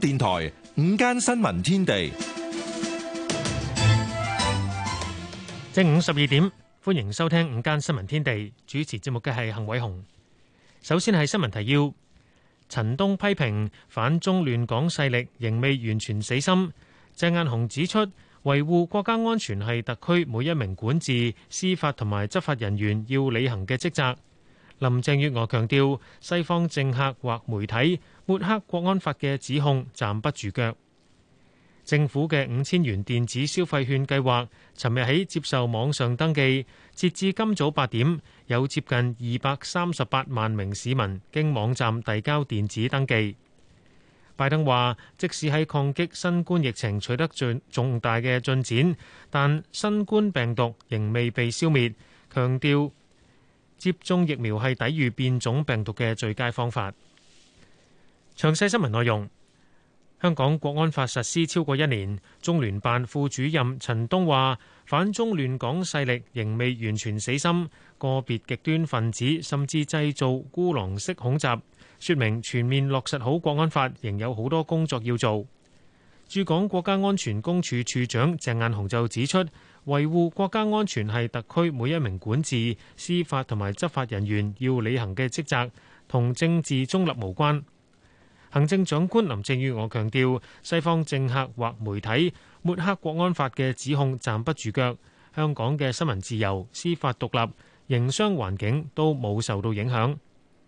電台午間新聞天地，正午十二點，歡迎收聽午間新聞天地。主持節目嘅係幸偉雄。首先係新聞提要：陳東批評反中亂港勢力仍未完全死心。鄭雁雄指出，維護國家安全係特區每一名管治、司法同埋執法人員要履行嘅職責。林鄭月娥強調，西方政客或媒體。抹黑國安法嘅指控站不住腳，政府嘅五千元電子消費券計劃尋日起接受網上登記，截至今早八點，有接近二百三十八萬名市民經網站遞交電子登記。拜登話，即使喺抗擊新冠疫情取得進重大嘅進展，但新冠病毒仍未被消滅，強調接種疫苗係抵禦變種病毒嘅最佳方法。詳細新聞內容：香港國安法實施超過一年，中聯辦副主任陳東話，反中亂港勢力仍未完全死心，個別極端分子甚至製造孤狼式恐襲，說明全面落實好國安法仍有好多工作要做。駐港國家安全公署署長鄭雁雄就指出，維護國家安全係特區每一名管治、司法同埋執法人員要履行嘅職責，同政治中立無關。行政長官林鄭月娥強調，西方政客或媒體抹黑國安法嘅指控站不住腳，香港嘅新聞自由、司法獨立、營商環境都冇受到影響。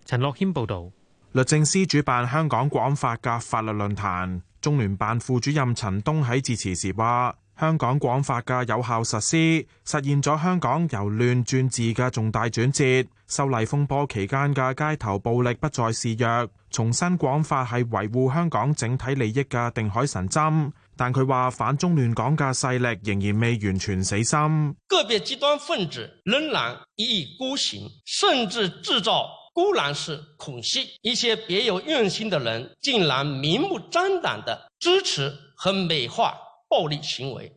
陳樂軒報導，律政司主辦香港國安法嘅法律論壇，中聯辦副主任陳東喺致辭時話。香港國安法嘅有效實施，實現咗香港由亂轉治嘅重大轉折。修例風波期間嘅街頭暴力不再肆虐，重申國安法係維護香港整體利益嘅定海神針。但佢話反中亂港嘅勢力仍然未完全死心，個別極端分子仍然一意孤行，甚至製造孤狼式恐襲。一些別有用心嘅人，竟然明目張膽地支持和美化暴力行為。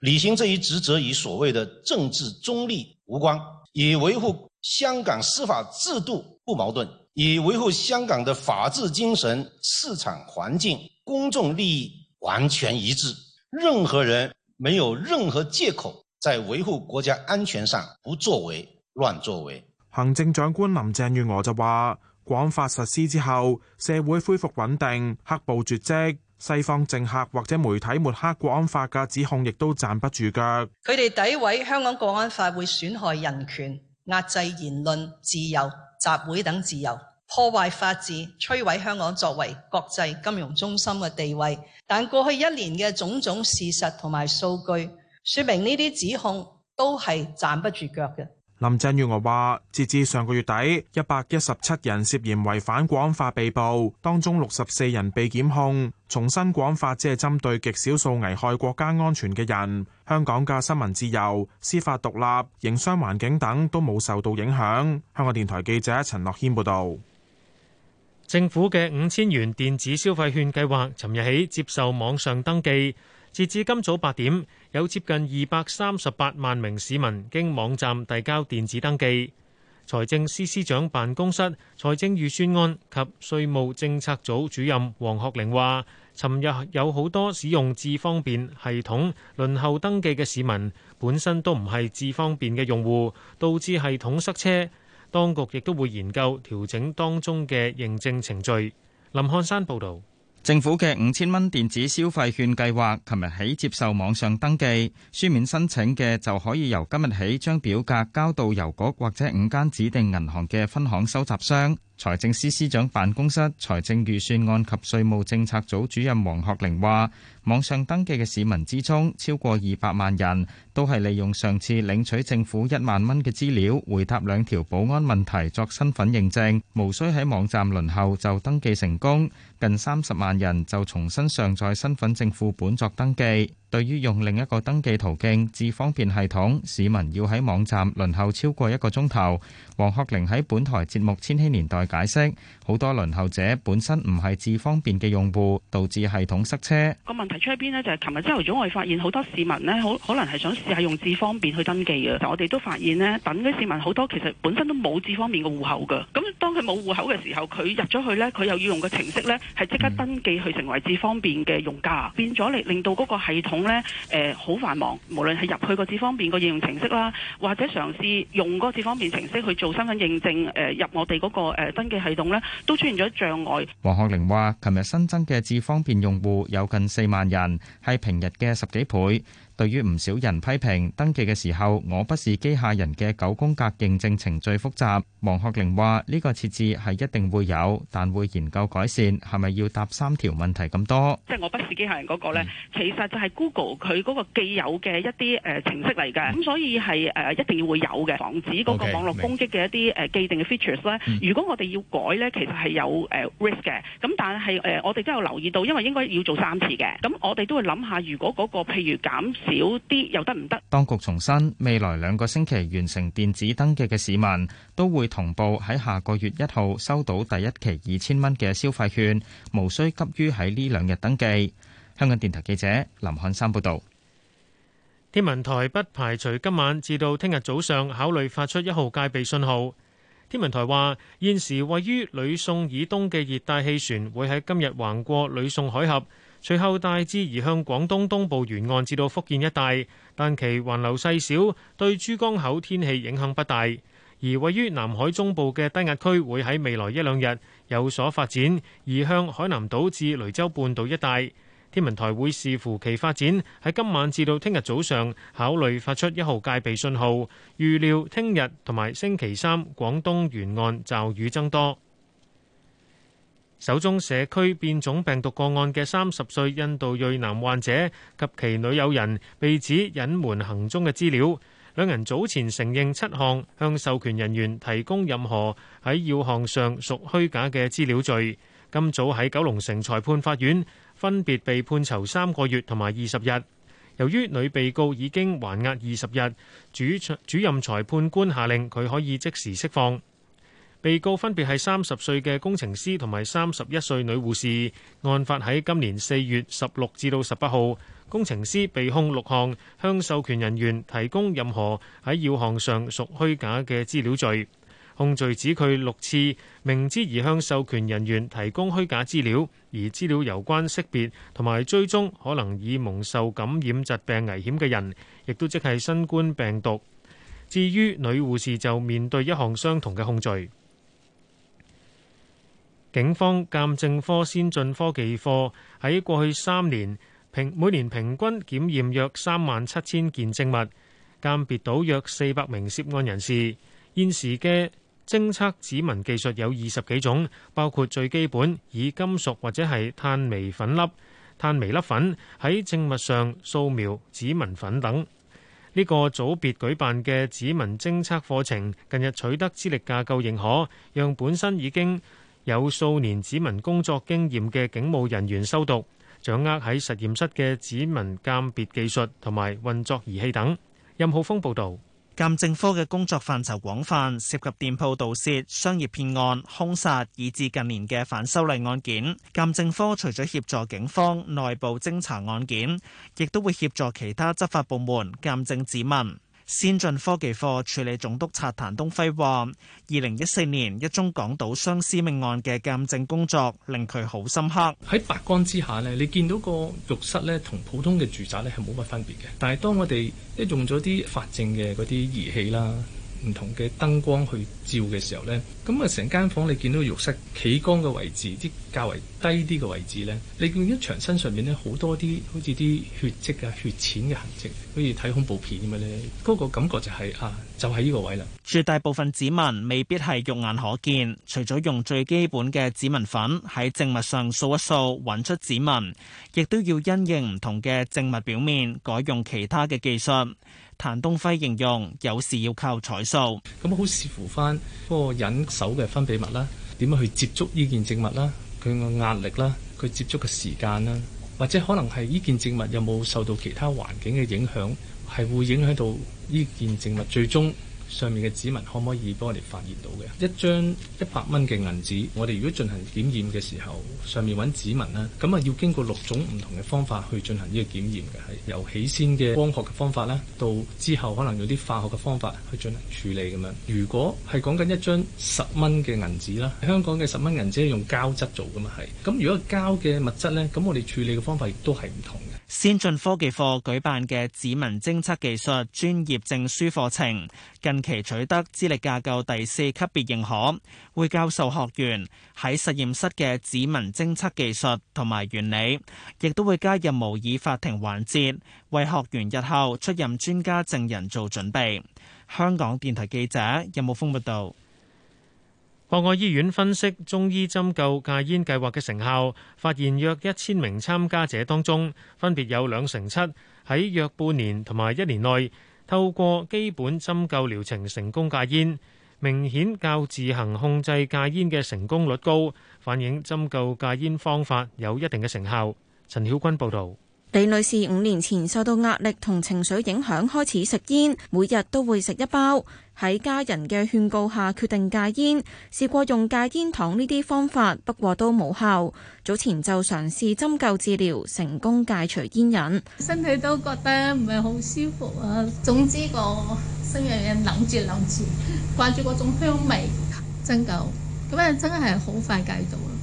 履行這一職責，與所謂的政治中立無關，與維護香港司法制度不矛盾，與維護香港的法治精神、市場環境、公眾利益完全一致。任何人沒有任何借口，在維護國家安全上不作為、亂作為。行政長官林鄭月娥就話港版國安法實施之後，社會恢復穩定，黑暴絕迹。西方政客或者媒體抹黑國安法嘅指控，亦都站不住腳。佢哋詆毀香港國安法會損害人權、壓制言論自由、集會等自由，破壞法治，摧毀香港作為國際金融中心嘅地位。但過去一年嘅種種事實同埋數據，說明呢啲指控都係站不住腳嘅。林鄭月娥話，截至上個月底，一百一十七人涉嫌違反國安法被捕，當中六十四人被檢控。重新國安法只係針對極少數危害國家安全嘅人。香港嘅新聞自由、司法獨立、營商環境等都冇受到影響。香港電台記者陳樂謙報道。政府嘅五千元電子消費券計劃，尋日起接受網上登記。截至今早八點，有接近二百三十八萬名市民經網站遞交電子登記。財政司司長辦公室、財政預算案及稅務政策組主任黃學玲話，尋日有好多使用智方便系統輪候登記嘅市民，本身都唔係智方便嘅用戶，導致系統塞車，當局亦都會研究調整當中嘅認證程序。林漢山報道。政府嘅五千蚊電子消費券計劃，琴日起接受網上登記，書面申請嘅就可以由今日起將表格交到郵局或者五間指定銀行嘅分行收集箱。財政司司長辦公室財政預算案及稅務政策組主任黃學玲話：網上登記嘅市民之中，超過二百萬人都係利用上次領取政府一萬蚊嘅資料，回答兩條保安問題作身份認證，無需喺網站輪候就登記成功。近三十萬人就重新上載身份證副本作登記。對於用另一個登記途徑智方便系統，市民要喺網站輪候超過一個鐘頭。黃學玲喺本台節目《千禧年代》解釋，好多輪候者本身唔係智方便嘅用戶，導致系統塞車。個問題出喺邊呢？就係琴日朝頭早我哋發現好多市民呢，好可能係想試下用智方便去登記嘅。我哋都發現呢，等啲市民好多其實本身都冇智方便嘅戶口嘅。咁當佢冇戶口嘅時候，佢入咗去呢，佢又要用個程式呢，係即刻登記去成為智方便嘅用家，變咗嚟令到嗰個系統。咧，好，嗯、繁忙，無論係入去個智方便個應用程式啦，或者嘗試用嗰個智方便程式去做身份認證，誒入我哋嗰個登記系統咧，都出現咗障礙。黃學玲話，琴日新增嘅智方便用戶有近四萬人，係平日嘅十幾倍。對於唔少人批評登記嘅時候，我不是機械人嘅九宮格認證程序複雜，王學玲話：呢、這個設置係一定會有，但會研究改善，係咪要答三條問題咁多？即係我不是機械人嗰、那個咧，其實就係 mm. Google 佢嗰個既有嘅一啲誒程式嚟嘅，咁所以係誒一定要會有嘅，防止嗰個網絡攻擊嘅一啲誒既定嘅 features mm. 少啲又得唔得？當局重申，未來兩個星期完成電子登記嘅市民，都會同步喺下個月一號收到第一期二千蚊嘅消費券，無需急於喺呢兩日登記。香港電台記者林漢山報道。天文台不排除今晚至到聽日早上考慮發出一號戒備信號。天文台話，現時位於呂宋以東嘅熱帶氣旋會喺今日橫過呂宋海峽。隨後大致移向廣東東部沿岸至到福建一帶，但其環流細小，對珠江口天氣影響不大。而位於南海中部嘅低壓區會喺未來一兩日有所發展，移向海南島至雷州半島一帶。天文台會視乎其發展，喺今晚至到聽日早上考慮發出一號戒備信號。預料聽日同埋星期三廣東沿岸驟雨增多。手中社區變種病毒個案嘅三十歲印度裔男患者及其女友人被指隱瞞行蹤嘅資料，兩人早前承認七項向授權人員提供任何喺要項上屬虛假嘅資料罪，今早喺九龍城裁判法院分別被判囚三個月同埋二十日。由於女被告已經還押二十日，主主任裁判官下令佢可以即時釋放。被告分別係三十歲嘅工程師同埋三十一歲女護士。案發喺今年四月十六至到十八號。工程師被控六項向授權人員提供任何喺要項上屬虛假嘅資料罪。控罪指佢六次明知而向授權人員提供虛假資料，而資料有關識別同埋追蹤可能已蒙受感染疾病危險嘅人，亦都即係新冠病毒。至於女護士就面對一項相同嘅控罪。警方鑑證科先進科技課喺過去三年平每年平均檢驗約三萬七千件證物，鑑別到約四百名涉案人士。現時嘅偵測指紋技術有二十幾種，包括最基本以金屬或者係碳微粉粒、碳微粒粉喺證物上掃描指紋粉等。呢、這個組別舉辦嘅指紋偵測課程近日取得資歷架構認可，讓本身已經有數年指紋工作經驗嘅警務人員修讀，掌握喺實驗室嘅指紋鑑別技術同埋運作儀器等。任浩峰報導。鑑證科嘅工作範疇廣泛，涉及店鋪盜竊、商業騙案、兇殺，以至近年嘅反修例案件。鑑證科除咗協助警方內部偵查案件，亦都會協助其他執法部門鑑證指紋。先進科技課處理總督察譚東輝話，二零一四年一宗港島雙屍命案嘅鑒證工作令佢好深刻。喺白光之下咧，你見到個浴室咧同普通嘅住宅咧係冇乜分別嘅。但係當我哋即用咗啲法證嘅嗰啲儀器啦。唔同嘅燈光去照嘅時候呢，咁啊成間房你見到浴室企缸嘅位置，即較為低啲嘅位置呢，你見一牆身上面呢，好多啲好似啲血跡啊、血漬嘅痕跡，好似睇恐怖片咁樣咧，嗰、那個感覺就係、是、啊～就喺呢個位啦。絕大部分指紋未必係肉眼可見，除咗用最基本嘅指紋粉喺證物上掃一掃揾出指紋，亦都要因應唔同嘅證物表面改用其他嘅技術。譚東輝形容有時要靠彩掃，咁好視乎翻嗰個人手嘅分泌物啦，點樣去接觸呢件證物啦，佢嘅壓力啦，佢接觸嘅時間啦，或者可能係呢件證物有冇受到其他環境嘅影響。係會影響到呢件證物最終上面嘅指紋可唔可以幫我哋發現到嘅。一張一百蚊嘅銀紙，我哋如果進行檢驗嘅時候，上面揾指紋啦，咁啊要經過六種唔同嘅方法去進行呢個檢驗嘅，係由起先嘅光學嘅方法啦，到之後可能用啲化學嘅方法去進行處理咁樣。如果係講緊一張十蚊嘅銀紙啦，香港嘅十蚊銀紙係用膠質做嘅嘛係，咁如果膠嘅物質呢，咁我哋處理嘅方法亦都係唔同嘅。先進科技課舉辦嘅指紋偵測技術專業證書課程，近期取得資歷架構第四級別認可，會教授學員喺實驗室嘅指紋偵測技術同埋原理，亦都會加入模擬法庭環節，為學員日後出任專家證人做準備。香港電台記者任武峯報道。博愛醫院分析中醫針灸戒煙計劃嘅成效，發現約一千名參加者當中，分別有兩成七喺約半年同埋一年內透過基本針灸療程成功戒煙，明顯較自行控制戒煙嘅成功率高，反映針灸戒煙方法有一定嘅成效。陳曉君報導。李女士五年前受到壓力同情緒影響，開始食煙，每日都會食一包。喺家人嘅勸告下，決定戒煙。試過用戒煙糖呢啲方法，不過都冇效。早前就嘗試針灸治療，成功戒除煙癮。身體都覺得唔係好舒服啊。總之個心入面諗住諗住，掛住嗰種香味，真夠。噉樣真係好快戒到啦。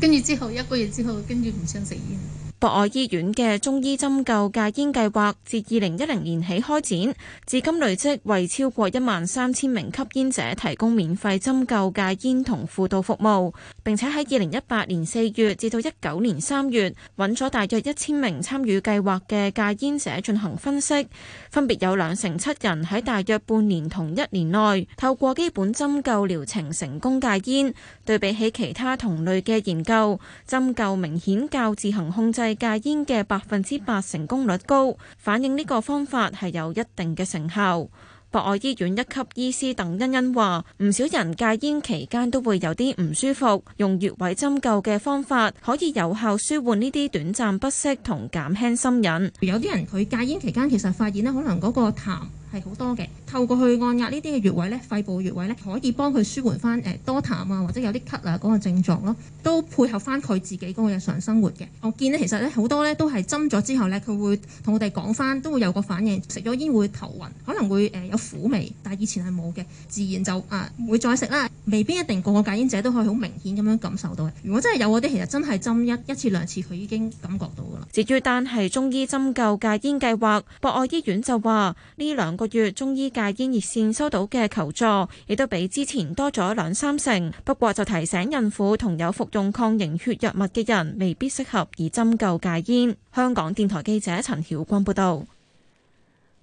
跟住之後一個月之後，跟住唔想食煙。博愛醫院嘅中醫針灸戒煙計劃，自二零一零年起開展，至今累積為超過一萬三千名吸煙者提供免費針灸戒煙同輔導服務，並且喺二零一八年四月至到一九年三月，揾咗大約一千名參與計劃嘅戒煙者進行分析，分別有兩成七人喺大約半年同一年內透過基本針灸療程成功戒煙，對比起其他同類嘅研究，針灸明顯較，較自行控制。戒煙嘅百分之八成功率高，反映呢個方法係有一定嘅成效。博愛醫院一級醫師鄧欣欣話：唔少人戒煙期間都會有啲唔舒服，用穴位針灸嘅方法可以有效舒緩呢啲短暫不適同減輕心癮。有啲人佢戒煙期間其實發現咧，可能嗰個痰。係好多嘅，透過去按壓呢啲嘅穴位咧，肺部穴位咧，可以幫佢舒緩翻誒多痰啊，或者有啲咳啊嗰個症狀咯，都配合翻佢自己嗰個日常生活嘅。我見咧，其實咧好多咧都係針咗之後咧，佢會同我哋講翻，都會有個反應，食咗煙會頭暈，可能會誒有苦味，但係以前係冇嘅，自然就啊唔會再食啦，未必一定個個戒煙者都可以好明顯咁樣感受到嘅。如果真係有嗰啲，其實真係針一一次兩次，佢已經感覺到㗎喇。至於單係中醫針灸戒煙計劃，博愛醫院就話呢兩。個月中醫戒煙熱線收到嘅求助，亦都比之前多咗兩三成。不過就提醒孕婦同有服用抗凝血藥物嘅人，未必適合以針灸戒煙。香港電台記者陳曉光報道。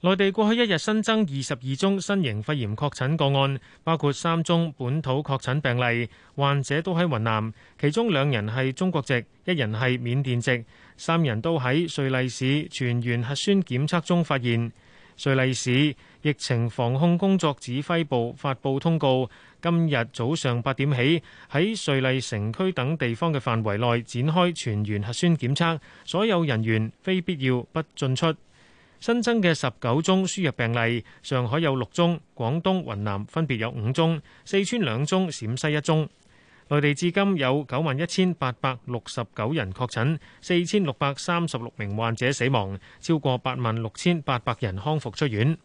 內地過去一日新增二十二宗新型肺炎確診個案，包括三宗本土確診病例，患者都喺雲南，其中兩人係中國籍，一人係緬甸籍，三人都喺瑞麗市，全員核酸檢測中發現。瑞麗市疫情防控工作指揮部發布通告，今日早上八點起，喺瑞麗城區等地方嘅範圍內展開全員核酸檢測，所有人員非必要不進出。新增嘅十九宗輸入病例，上海有六宗，廣東、雲南分別有五宗，四川兩宗，陝西一宗。內地至今有九萬一千八百六十九人確診，四千六百三十六名患者死亡，超過八萬六千八百人康復出院。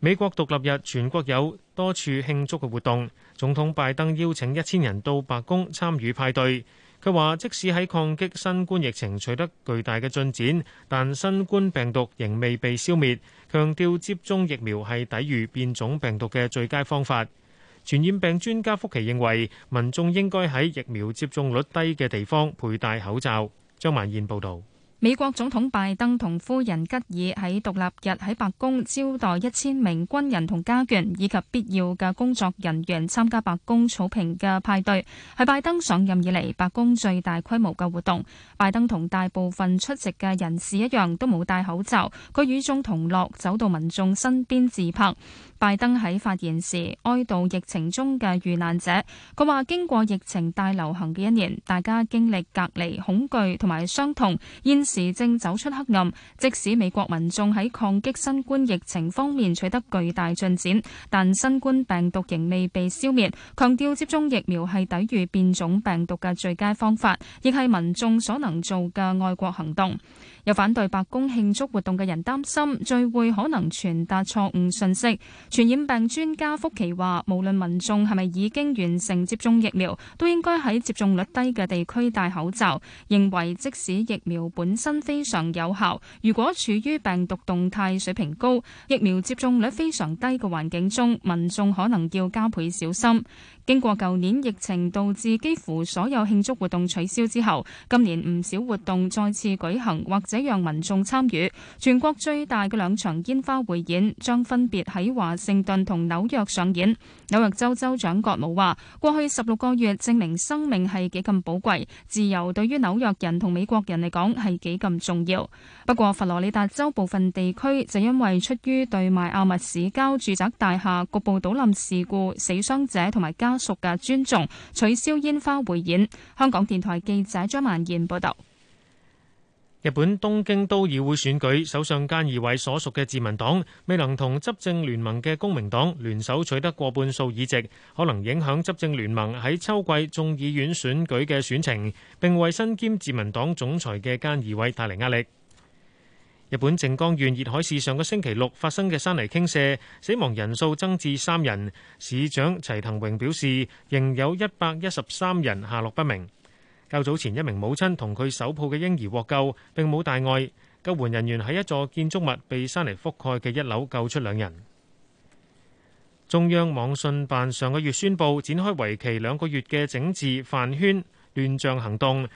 美國獨立日全國有多處慶祝嘅活動，總統拜登邀請一千人到白宮參與派對。佢話：即使喺抗擊新冠疫情取得巨大嘅進展，但新冠病毒仍未被消滅，強調接種疫苗係抵禦變種病毒嘅最佳方法。傳染病專家福奇認為，民眾應該喺疫苗接種率低嘅地方佩戴口罩。張萬燕報導。美國總統拜登同夫人吉爾喺獨立日喺白宮招待一千名軍人同家眷以及必要嘅工作人員參加白宮草坪嘅派對，係拜登上任以嚟白宮最大規模嘅活動。拜登同大部分出席嘅人士一樣，都冇戴口罩，佢與眾同樂，走到民眾身邊自拍。拜登喺發言時哀悼疫情中嘅遇難者，佢話經過疫情大流行嘅一年，大家經歷隔離、恐懼同埋傷痛，現時正走出黑暗。即使美國民眾喺抗擊新冠疫情方面取得巨大進展，但新冠病毒仍未被消滅。強調接種疫苗係抵御變種病毒嘅最佳方法，亦係民眾所能做嘅愛國行動。有反對白宮慶祝活動嘅人擔心聚會可能傳達錯誤信息。傳染病專家福奇話，無論民眾係咪已經完成接種疫苗，都應該喺接種率低嘅地區戴口罩。認為即使疫苗本身非常有效，如果處於病毒動態水平高、疫苗接種率非常低嘅環境中，民眾可能要加倍小心。經過舊年疫情導致幾乎所有慶祝活動取消之後，今年唔少活動再次舉行或者讓民眾參與。全國最大嘅兩場煙花匯演將分別喺華盛頓同紐約上演。紐約州州長葛謨話：過去十六個月證明生命係幾咁寶貴，自由對於紐約人同美國人嚟講係幾咁重要。不過佛羅里達州部分地區就因為出於對邁阿密市郊住宅大廈局部倒冧事故死傷者同埋家家屬嘅尊重，取消煙花匯演。香港電台記者張萬賢報道。日本東京都議會選舉，首相菅義偉所屬嘅自民黨未能同執政聯盟嘅公明黨聯手取得過半數議席，可能影響執政聯盟喺秋季眾議院選舉嘅選情，並為身兼自民黨總裁嘅菅義偉帶嚟壓力。日本靜岡縣熱海市上個星期六發生嘅山泥傾瀉，死亡人數增至三人。市長齊藤榮表示，仍有一百一十三人下落不明。較早前，一名母親同佢手抱嘅嬰兒獲救，並冇大礙。救援人員喺一座建築物被山泥覆蓋嘅一樓救出兩人。中央網信辦上個月宣布展開為期兩個月嘅整治飯圈亂象行動。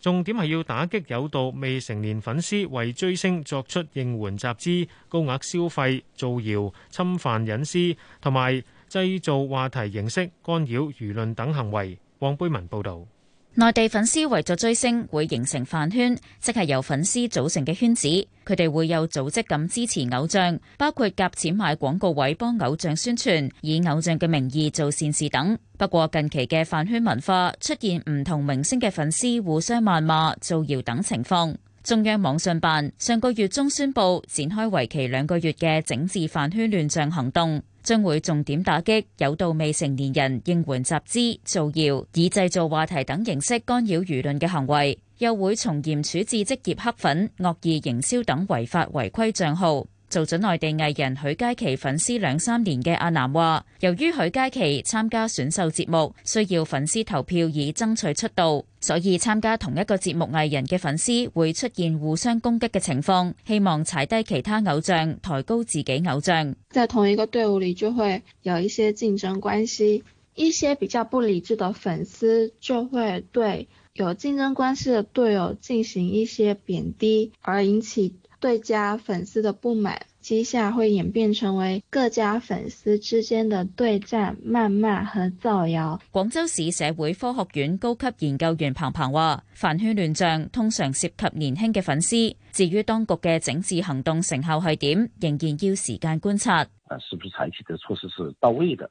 重點係要打擊有道未成年粉絲為追星作出應援集資、高額消費、造謠、侵犯隱私同埋製造話題形式、干擾輿論等行為。黃貝文報導。內地粉絲為咗追星會形成飯圈，即係由粉絲組成嘅圈子，佢哋會有組織咁支持偶像，包括夾錢買廣告位幫偶像宣傳，以偶像嘅名義做善事等。不過近期嘅飯圈文化出現唔同明星嘅粉絲互相謾罵、造謠等情況。中央網信辦上個月中宣布展開為期兩個月嘅整治飯圈亂象行動。將會重點打擊誘導未成年人應援集資、造謠以製造話題等形式干擾輿論嘅行為，又會從嚴處置職業黑粉、惡意營銷等違法違規賬號。做咗內地藝人許佳琪粉絲兩三年嘅阿南話，由於許佳琪參加選秀節目需要粉絲投票以爭取出道。所以參加同一個節目藝人嘅粉絲會出現互相攻擊嘅情況，希望踩低其他偶像，抬高自己偶像。在同一個隊伍裏就會有一些競爭關係，一些比較不理智的粉絲就會對有競爭關係嘅隊友進行一些貶低，而引起對家粉絲的不滿。之下會演變成為各家粉絲之間的對戰、謾罵和造謠。廣州市社會科學院高級研究員彭鵬話，飯圈亂象通常涉及年輕嘅粉絲。至於當局嘅整治行動成效係點，仍然要時間觀察。啊，是不是採取的措施是到位的？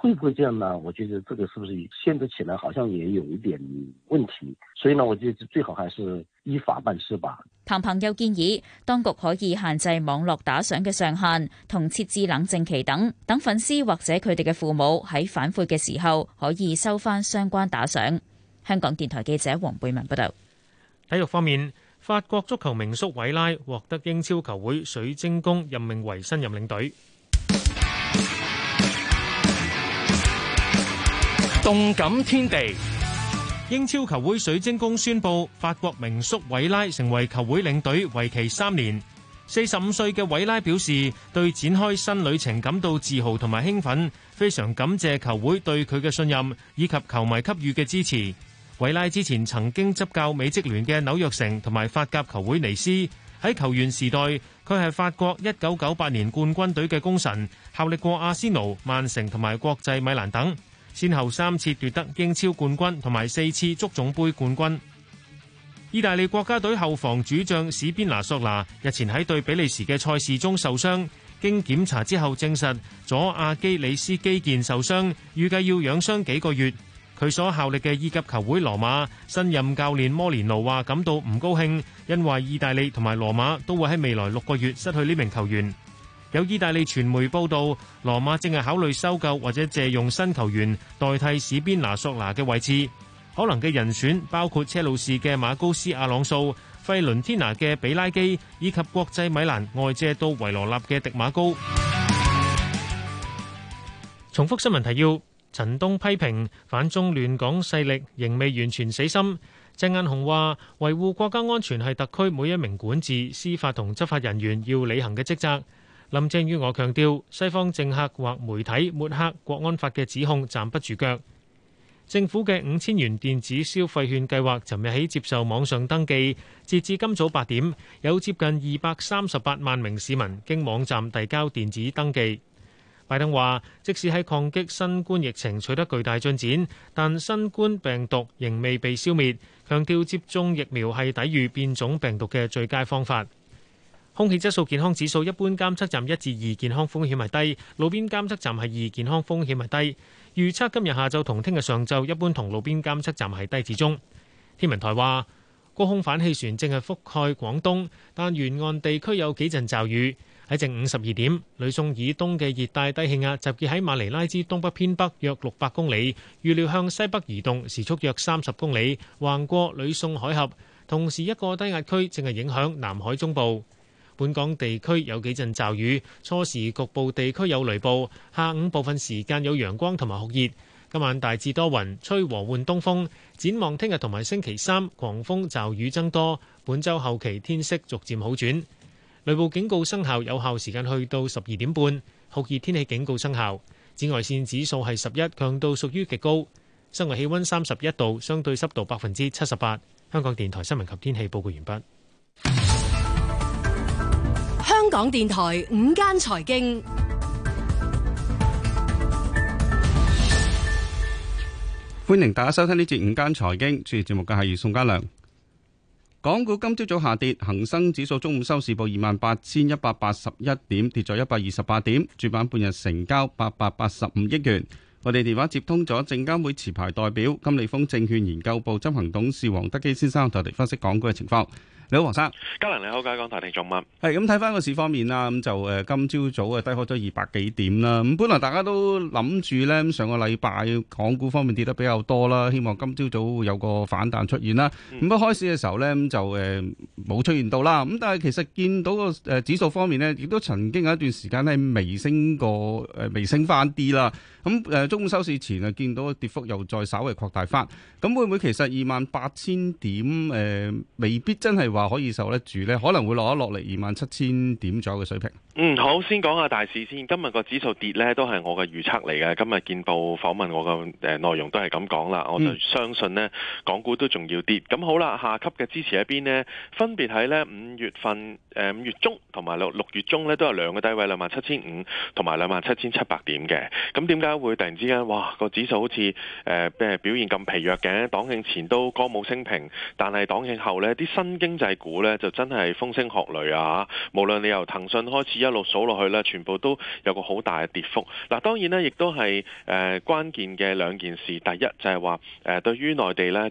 會不會這樣呢？我覺得這個是不是限制起來，好像也有一點問題。所以呢，我覺得最好還是依法辦事吧。彭彭又建議當局可以限制網絡打賞嘅上限，同設置冷靜期等，等粉絲或者佢哋嘅父母喺反悔嘅時候，可以收翻相關打賞。香港電台記者黃貝文報道。體育方面，法國足球名宿韋拉獲得英超球會水晶宮任命為新任領隊。動感天地，英超球會水晶宮宣佈法國名宿韋拉成為球會領隊，為期三年。四十五歲嘅韋拉表示，對展開新旅程感到自豪同埋興奮，非常感謝球會對佢嘅信任以及球迷給予嘅支持。韋拉之前曾經執教美職聯嘅紐約城同埋法甲球會尼斯。喺球員時代，佢係法國一九九八年冠軍隊嘅功臣，效力過阿仙奴、曼城同埋國際米蘭等。先後三次奪得英超冠軍同埋四次足總盃冠軍。意大利國家隊後防主將史賓拿索拿日前喺對比利時嘅賽事中受傷，經檢查之後證實咗阿基里斯肌腱受傷，預計要養傷幾個月。佢所效力嘅意甲球會羅馬新任教練摩連奴話感到唔高興，因為意大利同埋羅馬都會喺未來六個月失去呢名球員。有意大利傳媒報道，羅馬正係考慮收購或者借用新球員代替史邊拿索拿嘅位置。可能嘅人選包括車路士嘅馬高斯·阿朗素、費倫天拿嘅比拉基，以及國際米蘭外借到維羅納嘅迪馬高。重複新聞提要：陳東批評反中亂港勢力仍未完全死心。鄭雁雄話，維護國家安全係特區每一名管治、司法同執法人員要履行嘅職責。林鄭月娥強調，西方政客或媒體抹黑《國安法》嘅指控站不住腳。政府嘅五千元電子消費券計劃，尋日起接受網上登記，截至今早八點，有接近二百三十八萬名市民經網站遞交電子登記。拜登話，即使喺抗擊新冠疫情取得巨大進展，但新冠病毒仍未被消滅，強調接種疫苗係抵禦變種病毒嘅最佳方法。空氣質素健康指數一般監測站一至二健康風險係低，路邊監測站係二健康風險係低。預測今日下晝同聽日上晝一般同路邊監測站係低至中。天文台話，高空反氣旋正係覆蓋廣東，但沿岸地區有幾陣驟雨。喺正午十二點，呂宋以東嘅熱帶低氣壓集結喺馬尼拉之東北偏北約六百公里，預料向西北移動，時速約三十公里，橫過呂宋海峽。同時，一個低壓區正係影響南海中部。本港地區有幾陣驟雨，初時局部地區有雷暴，下午部分時間有陽光同埋酷熱。今晚大致多雲，吹和緩東風。展望聽日同埋星期三，狂風驟雨增多。本週後期天色逐漸好轉。雷暴警告生效，有效時間去到十二點半，酷熱天氣警告生效。紫外線指數係十一，強度屬於極高。室外氣温三十一度，相對濕度百分之七十八。香港電台新聞及天氣報告完畢。香港電台午間財經，歡迎大家收聽呢節午間財經，主持節目嘅係宋家良。港股今朝早下跌，恒生指數中午收市報二萬八千一百八十一點，跌咗一百二十八點，主板半日成交八百八十五億元。我哋電話接通咗證監會持牌代表金利豐證券研究部執行董事王德基先生，帶嚟分析港股嘅情況。你好，黃生，嘉能你好，嘉講台你做乜？係咁睇翻個市方面啦，咁就誒、呃、今朝早啊低開咗二百幾點啦。咁本來大家都諗住咧，上個禮拜港股方面跌得比較多啦，希望今朝早有個反彈出現啦。咁一、嗯、開始嘅時候咧，咁就誒冇、呃、出現到啦。咁但係其實見到個誒指數方面咧，亦都曾經有一段時間咧微升過誒、呃、微升翻啲啦。咁誒、呃、中午收市前啊，見到個跌幅又再稍微擴大翻。咁會唔會其實二萬八千點誒、呃、未必真係？話可以受得住咧，可能會落一落嚟，二萬七千點左右嘅水平。嗯，好，先講下大市先。今日個指數跌呢，都係我嘅預測嚟嘅。今日見報訪問我嘅誒內容都係咁講啦，我就相信呢，港股都仲要跌。咁好啦，下級嘅支持喺邊呢？分別喺呢五月份誒五、呃、月中同埋六六月中呢，都有兩個低位兩萬七千五同埋兩萬七千七百點嘅。咁點解會突然之間哇個指數好似誒、呃、表現咁疲弱嘅？黨慶前都歌舞升平，但係黨慶後呢啲新經濟股呢，就真係風聲鶴唳啊嚇！無論你由騰訊開始一路數落去咧，全部都有個好大嘅跌幅。嗱、啊，當然咧，亦都係誒、呃、關鍵嘅兩件事。第一就係話誒，對於內地咧再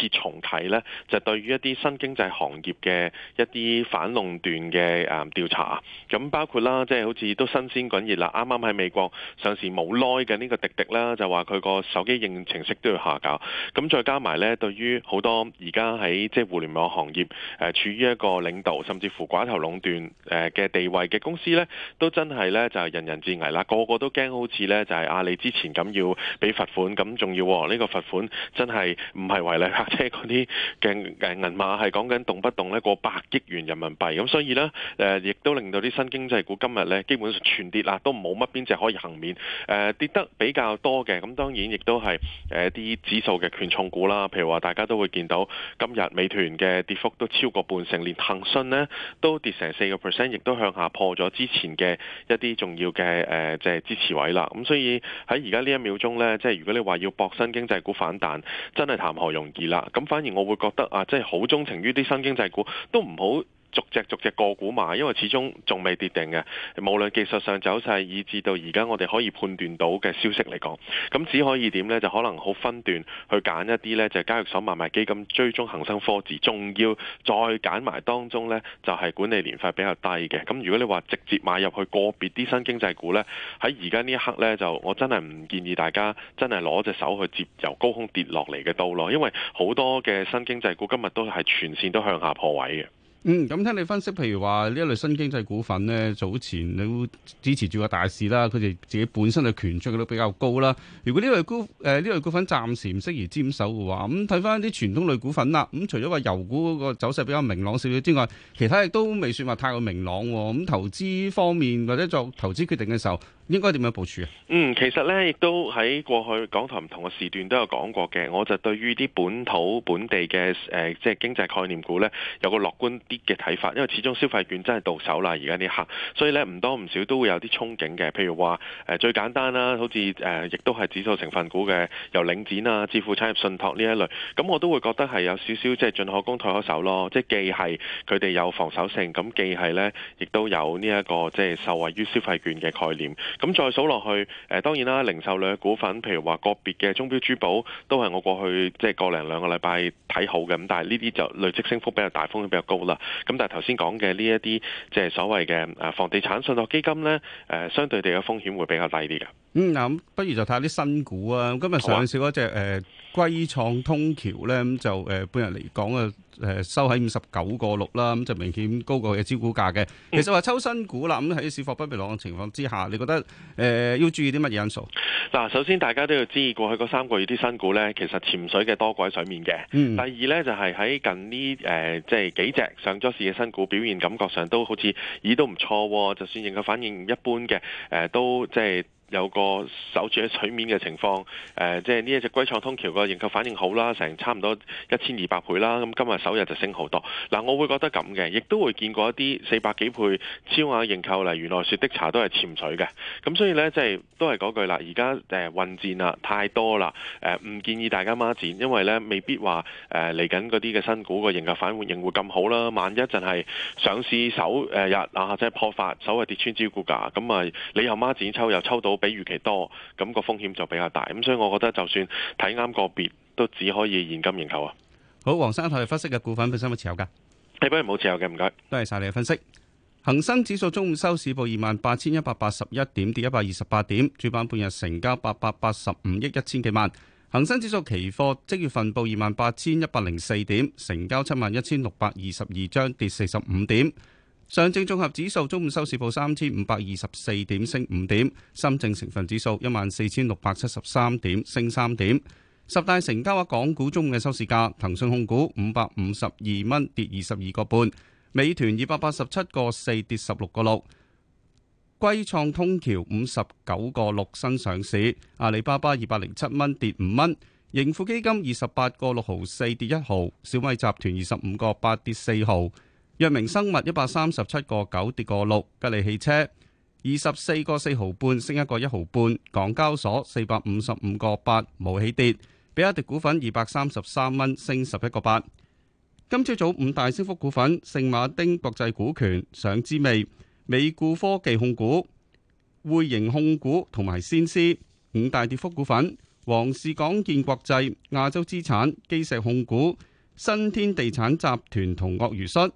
次重啟咧，就對於一啲新經濟行業嘅一啲反壟斷嘅誒調查。咁、啊、包括啦，即係好似都新鮮滾熱啦，啱啱喺美國上市冇耐嘅呢個滴滴啦，就話佢個手機應用程式都要下架。咁、啊、再加埋咧，對於好多而家喺即係互聯網行業誒、呃、處於一個領導甚至乎寡頭壟斷誒嘅地位嘅公公司呢都真係呢就係人人自危啦，個個都驚好似呢就係阿里之前咁要俾罰款咁，仲要呢、哦，這個罰款真係唔係違例，黑車嗰啲嘅誒銀碼係講緊動不動呢過百億元人民幣咁。所以呢誒亦、呃、都令到啲新經濟股今日呢基本上全跌啦，都冇乜邊隻可以幸免誒，跌得比較多嘅。咁，當然亦都係誒啲指數嘅權重股啦，譬如話大家都會見到今日美團嘅跌幅都超過半成，連騰訊呢都跌成四個 percent，亦都向下破。咗之前嘅一啲重要嘅誒，即係支持位啦。咁所以喺而家呢一秒鐘咧，即係如果你話要搏新經濟股反彈，真係談何容易啦。咁反而我會覺得啊，即係好鍾情於啲新經濟股，都唔好。逐隻逐隻個股買，因為始終仲未跌定嘅。無論技術上走勢，以至到而家我哋可以判斷到嘅消息嚟講，咁只可以點呢？就可能好分段去揀一啲呢，就係交易所買賣基金，追蹤恆生科指，仲要再揀埋當中呢，就係管理年費比較低嘅。咁如果你話直接買入去個別啲新經濟股呢，喺而家呢一刻呢，就我真係唔建議大家真係攞隻手去接由高空跌落嚟嘅刀咯，因為好多嘅新經濟股今日都係全線都向下破位嘅。嗯，咁聽你分析，譬如話呢一類新經濟股份咧，早前你都支持住個大市啦，佢哋自己本身嘅權值都比較高啦。如果呢類股，誒、呃、呢類股份暫時唔適宜沾手嘅話，咁睇翻啲傳統類股份啦。咁、嗯、除咗話油股嗰個走勢比較明朗少少之外，其他亦都未算話太過明朗。咁、嗯、投資方面或者作投資決定嘅時候。應該點樣部署？啊？嗯，其實咧亦都喺過去港台唔同嘅時段都有講過嘅。我就對於啲本土本地嘅誒、呃，即係經濟概念股咧，有個樂觀啲嘅睇法。因為始終消費券真係到手啦，而家呢刻，所以咧唔多唔少都會有啲憧憬嘅。譬如話誒、呃，最簡單啦、啊，好似誒，亦都係指數成分股嘅，由領展啊、置富產業信託呢一類。咁我都會覺得係有少少即係進可攻退可守咯。即係既係佢哋有防守性，咁既係咧亦都有呢、這、一個即係受惠於消費券嘅概念。咁再數落去，誒、呃、當然啦，零售類嘅股份，譬如話個別嘅鐘表珠寶，都係我過去即係個零兩個禮拜睇好嘅，咁但係呢啲就累積升幅比較大，風險比較高啦。咁但係頭先講嘅呢一啲即係所謂嘅誒房地產信託基金咧，誒、呃、相對地嘅風險會比較低啲嘅。嗯，嗱、啊，不如就睇下啲新股啊。今日上市嗰隻誒歸創通橋咧，咁就誒半日嚟講啊。呃誒收喺五十九個六啦，咁就明顯高過佢嘅招股價嘅。其實話抽新股啦，咁喺市況不明朗嘅情況之下，你覺得誒、呃、要注意啲乜嘢因素？嗱，首先大家都要知過去嗰三個月啲新股咧，其實潛水嘅多過喺水面嘅。嗯、第二咧就係喺近呢誒，即係幾隻上咗市嘅新股表現，感覺上都好似咦、哎、都唔錯喎。就算認購反應一般嘅，誒都即係。有個守住喺水面嘅情況，誒、呃，即係呢一隻龜創通橋個認購反應好啦，成差唔多一千二百倍啦，咁今日首日就升好多。嗱、呃，我會覺得咁嘅，亦都會見過一啲四百幾倍超額認購，例如奈雪的茶都係潛水嘅。咁所以呢，即係都係嗰句啦，而家誒混戰啊，太多啦，誒、呃、唔建議大家孖展，因為呢未必話誒嚟緊嗰啲嘅新股個認購反應會咁好啦。萬一就係上市首誒日啊，即、呃、係破發，稍微跌穿招股價，咁啊你又孖展抽又抽到。比預期多，咁、那個風險就比較大，咁所以我覺得就算睇啱個別，都只可以現金認購啊！好，黃生睇下分析嘅股份本身有冇持有嘅？李博唔好持有嘅，唔該。多謝晒你嘅分析。恒生指數中午收市報二萬八千一百八十一點，跌一百二十八點，主板半日成交八百八十五億一千幾萬。恒生指數期貨即月份報二萬八千一百零四點，成交七萬一千六百二十二張，跌四十五點。上證綜合指數中午收市報三千五百二十四點，升五點；深證成分指數一萬四千六百七十三點，升三點。十大成交額港股中午嘅收市價：騰訊控股五百五十二蚊，跌二十二個半；美團二百八十七個四，跌十六個六；歸創通橋五十九個六，新上市；阿里巴巴二百零七蚊，跌五蚊；盈富基金二十八個六毫四，跌一毫；小米集團二十五個八，跌四毫。藥明生物一百三十七個九跌個六，吉利汽車二十四個四毫半升一個一毫半，港交所四百五十五個八冇起跌，比亞迪股份二百三十三蚊升十一個八。今朝早五大升幅股份：聖馬丁國際股權、上之味、美固科技控股、匯盈控股同埋先思。五大跌幅股份：黃氏港建國際、亞洲資產、基石控股、新天地產集團同鱷魚恤。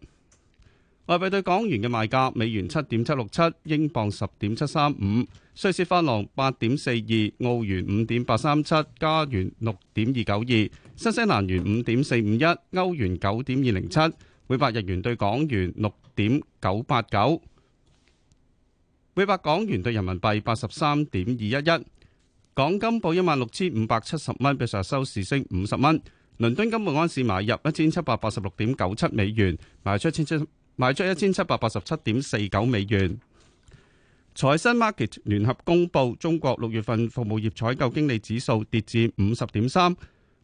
外幣對港元嘅賣價：美元七點七六七，英鎊十點七三五，瑞士法郎八點四二，澳元五點八三七，加元六點二九二，新西蘭元五點四五一，歐元九點二零七，每百日元對港元六點九八九，每百港元對人民幣八十三點二一一。港金報一萬六千五百七十蚊，比上日收市升五十蚊。倫敦金每安士買入一千七百八十六點九七美元，賣出一千七。賣出一千七百八十七點四九美元。財新 market 聯合公布，中國六月份服務業採購經理指數跌至五十點三，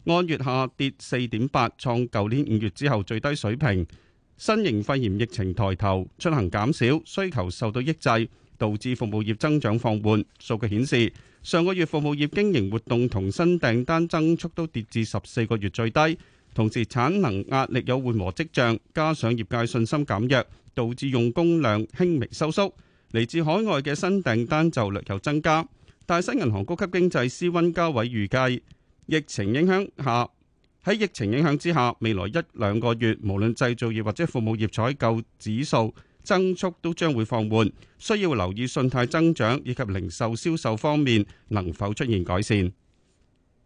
按月下跌四點八，創舊年五月之後最低水平。新型肺炎疫情抬頭，出行減少，需求受到抑制，導致服務業增長放緩。數據顯示，上個月服務業經營活動同新訂單增速都跌至十四個月最低。同時，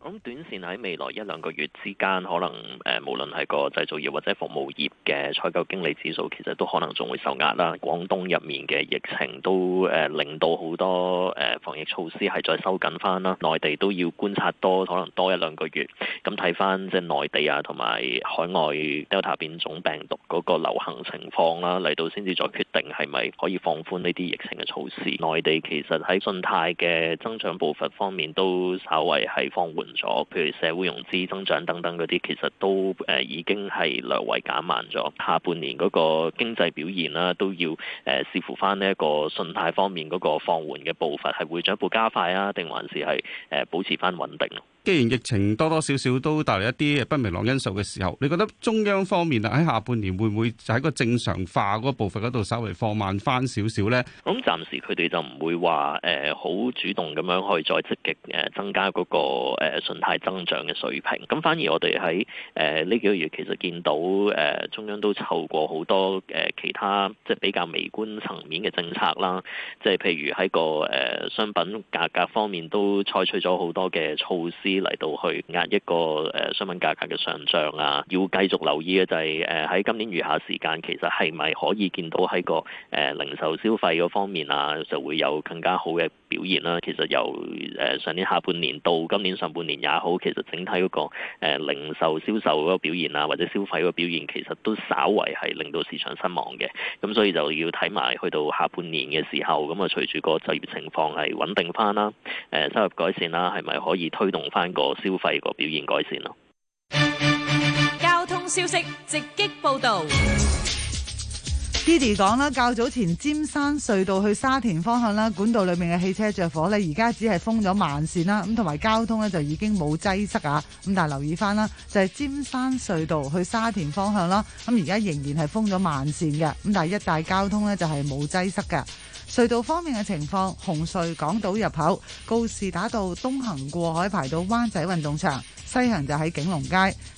咁短線喺未來一兩個月之間，可能誒、呃、無論係個製造業或者服務業嘅採購經理指數，其實都可能仲會受壓啦。廣東入面嘅疫情都誒、呃、令到好多誒、呃、防疫措施係再收緊翻啦。內地都要觀察多可能多一兩個月，咁睇翻即係內地啊同埋海外 Delta 變種病毒嗰個流行情況啦，嚟到先至再決定係咪可以放寬呢啲疫情嘅措施。內地其實喺信貸嘅增長步伐方面都稍為係放緩咗，譬如社會融資增長等等嗰啲，其實都誒已經係略為減慢咗。下半年嗰個經濟表現啦，都要誒視乎翻呢一個信貸方面嗰個放緩嘅步伐，係會進一步加快啊，定還是係誒保持翻穩定？既然疫情多多少少都帶嚟一啲不明朗因素嘅時候，你覺得中央方面啊，喺下半年會唔會喺個正常化嗰部分嗰度稍微放慢翻少少呢？嗯，咁暫時佢哋就唔會話誒好主動咁樣去再積極誒增加嗰、那個、呃信貸增長嘅水平，咁、嗯、反而我哋喺誒呢幾個月其實見到誒、呃、中央都湊過好多誒、呃、其他即係比較微觀層面嘅政策啦，即、就、係、是、譬如喺個誒、呃、商品價格方面都採取咗好多嘅措施嚟到去壓一個誒、呃、商品價格嘅上漲啊。要繼續留意嘅就係誒喺今年餘下時間，其實係咪可以見到喺個誒、呃、零售消費嗰方面啊，就會有更加好嘅表現啦，其實由誒上年下半年到今年上半年也好，其實整體嗰個零售銷售嗰個表現啊，或者消費嗰個表現，其實都稍為係令到市場失望嘅。咁所以就要睇埋去到下半年嘅時候，咁啊隨住個就業情況係穩定翻啦，誒、呃、收入改善啦，係咪可以推動翻個消費個表現改善咯？交通消息直擊報導。k i d d y 講啦，較早前尖山隧道去沙田方向啦，管道裏面嘅汽車着火咧，而家只係封咗慢線啦，咁同埋交通咧就已經冇擠塞啊。咁但係留意返啦，就係、是、尖山隧道去沙田方向啦，咁而家仍然係封咗慢線嘅，咁但係一帶交通咧就係冇擠塞嘅。隧道方面嘅情況，紅隧港島入口告士打道東行過海排到灣仔運動場，西行就喺景隆街；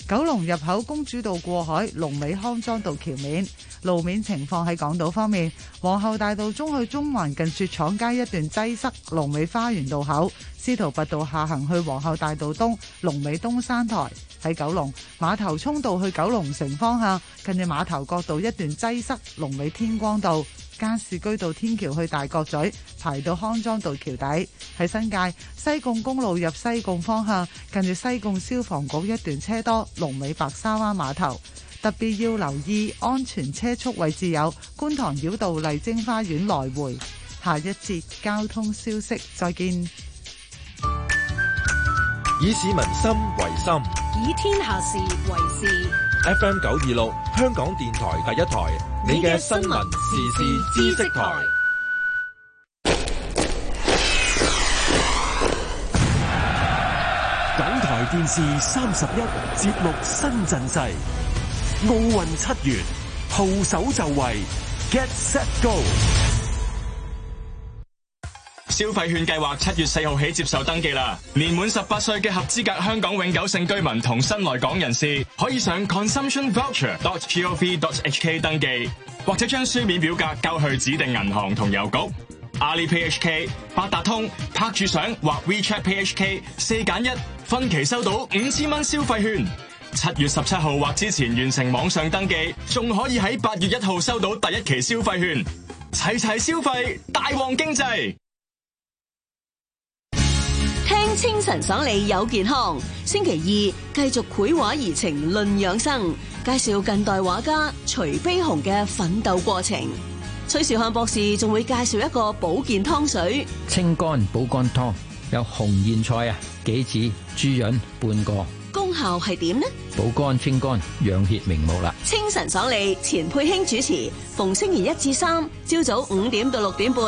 九龍入口公主道過海，龍尾康莊道橋面。路面情況喺港島方面，皇后大道中去中環近雪廠街一段擠塞，龍尾花園道口；司徒拔道下行去皇后大道東，龍尾東山台；喺九龍馬頭涌道去九龍城方向，近住馬頭角道一段擠塞，龍尾天光道。加士居道天橋去大角咀，排到康莊道橋底；喺新界西貢公路入西貢方向，近住西貢消防局一段車多；龍尾白沙灣碼頭，特別要留意安全車速位置有觀塘繞道麗晶花園來回。下一節交通消息，再見。以市民心為心，以天下事為事。FM 九二六，香港電台第一台，你嘅新聞時事知識台。港台電視三十一節目新陣勢，奧運七月號手就位，Get Set Go。消費券計劃七月四號起接受登記啦，年滿十八歲嘅合資格香港永久性居民同新來港人士，可以上 consumptionvoucher.gov.hk 登記，或者將書面表格交去指定銀行同郵局，阿里 PHK、八達通、拍住賞或 WeChat PHK 四揀一，1，分期收到五千蚊消費券。七月十七號或之前完成網上登記，仲可以喺八月一號收到第一期消費券，齊齊消費，大旺經濟。清晨爽利有健康，星期二繼續繪畫怡情論養生，介紹近代畫家徐悲鴻嘅奮鬥過程。崔樹漢博士仲會介紹一個保健湯水，清肝補肝湯有紅莧菜啊、杞子、豬潤半個，功效係點呢？補肝清肝養血明目啦。清晨爽利，錢佩興主持，逢星期一至三，朝早五點到六點半。